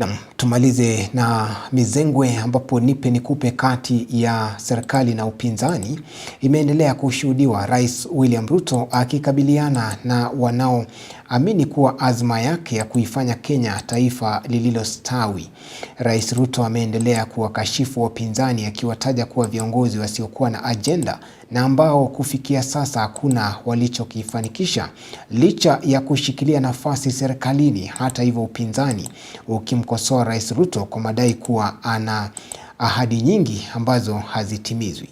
Nam, tumalize na mizengwe ambapo nipe nikupe kati ya serikali na upinzani imeendelea kushuhudiwa, Rais William Ruto akikabiliana na wanaoamini kuwa azma yake ya kuifanya Kenya taifa lililostawi. Rais Ruto ameendelea kuwakashifu wapinzani, akiwataja kuwa viongozi wasiokuwa na ajenda na ambao kufikia sasa hakuna walichokifanikisha licha ya kushikilia nafasi serikalini. Hata hivyo, upinzani ukimkosoa Rais Ruto kwa madai kuwa ana ahadi nyingi ambazo hazitimizwi.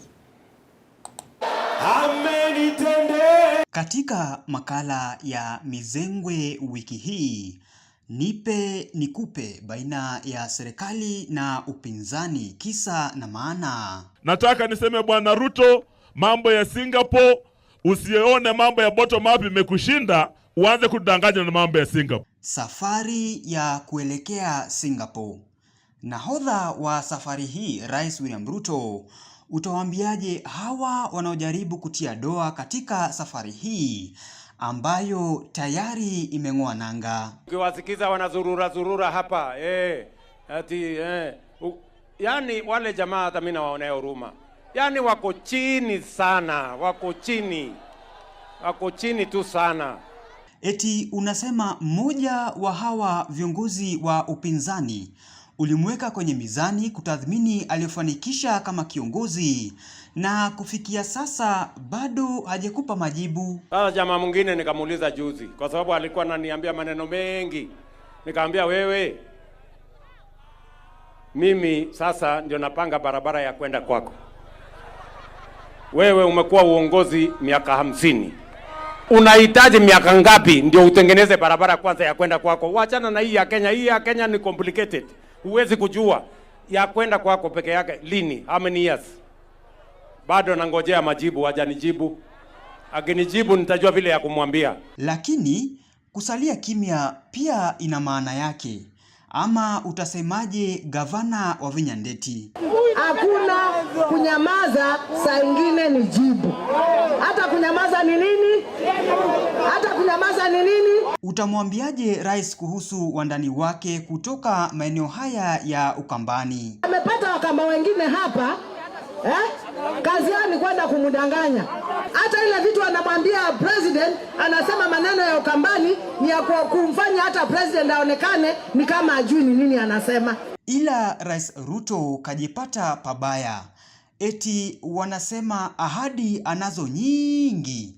Katika makala ya Mizengwe wiki hii, nipe nikupe baina ya serikali na upinzani, kisa na maana. Nataka niseme Bwana Ruto mambo ya Singapore. usiyeone mambo ya bottom up imekushinda uanze kudanganya na mambo ya Singapore. Safari ya kuelekea Singapore. Nahodha wa safari hii Rais William Ruto, utawaambiaje hawa wanaojaribu kutia doa katika safari hii ambayo tayari imeng'oa nanga? Ukiwasikiza wanazurura zurura hapa eh, ati eh, u, yani wale jamaa hata mimi nawaonea huruma yani wako chini sana, wako chini, wako chini tu sana. Eti unasema mmoja wa hawa viongozi wa upinzani ulimweka kwenye mizani kutathmini aliyofanikisha kama kiongozi, na kufikia sasa bado hajakupa majibu. Sasa jamaa mwingine nikamuuliza juzi, kwa sababu alikuwa ananiambia maneno mengi, nikamwambia wewe, mimi sasa ndio napanga barabara ya kwenda kwako. Wewe umekuwa uongozi miaka hamsini, unahitaji miaka ngapi ndio utengeneze barabara kwanza ya kwenda kwako? Wachana na hii ya Kenya. Hii ya Kenya ni complicated, huwezi kujua ya kwenda kwako peke yake lini, how many years? Bado nangojea majibu, hajanijibu. Akinijibu nitajua vile ya kumwambia. Lakini kusalia kimya pia ina maana yake, ama utasemaje, gavana wa Vinya Ndeti? Hakuna kunyamaza, saa ingine ni jibu. Hata kunyamaza ni nini? Hata kunyamaza ni nini? Utamwambiaje rais kuhusu wandani wake kutoka maeneo haya ya Ukambani? Amepata Wakamba wengine hapa eh? Kazi yao ni kwenda kumdanganya. Hata ile vitu anamwambia president, anasema maneno ya Ukambani ni ya kumfanya hata president aonekane ni kama ajui ni nini anasema. Ila Rais Ruto kajipata pabaya. Eti wanasema ahadi anazo nyingi,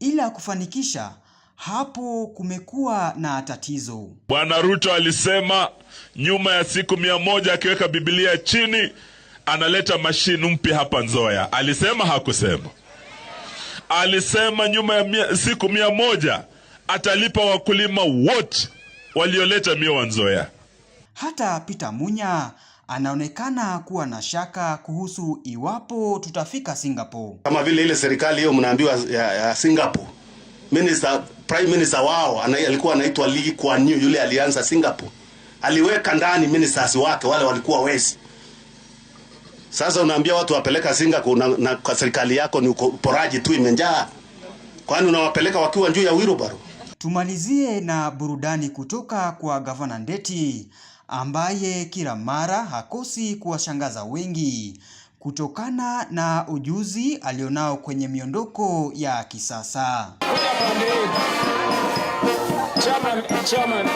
ila kufanikisha hapo kumekuwa na tatizo. Bwana Ruto alisema nyuma ya siku mia moja akiweka Biblia chini analeta mashini mpya hapa Nzoya. Alisema hakusema? Alisema nyuma ya mia, siku mia moja atalipa wakulima wote walioleta miwa Nzoya. Hata Peter Munya anaonekana kuwa na shaka kuhusu iwapo tutafika Singapore. Kama vile ile serikali hiyo mnaambiwa ya, ya Singapore. Minister, Prime Minister wao alikuwa anaitwa Lee Kuan Yew, yule alianza Singapore. Aliweka ndani ministers wake wale walikuwa wezi. Sasa unaambia watu wapeleka Singapore na, na kwa serikali yako ni uporaji tu imenjaa. Kwani unawapeleka wakiwa juu ya wirubaru? Tumalizie na burudani kutoka kwa Gavana Ndeti ambaye kila mara hakosi kuwashangaza wengi kutokana na ujuzi alionao kwenye miondoko ya kisasa. Chairman, chairman,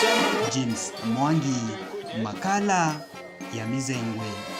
chairman. James Mwangi, makala ya Mizengwe.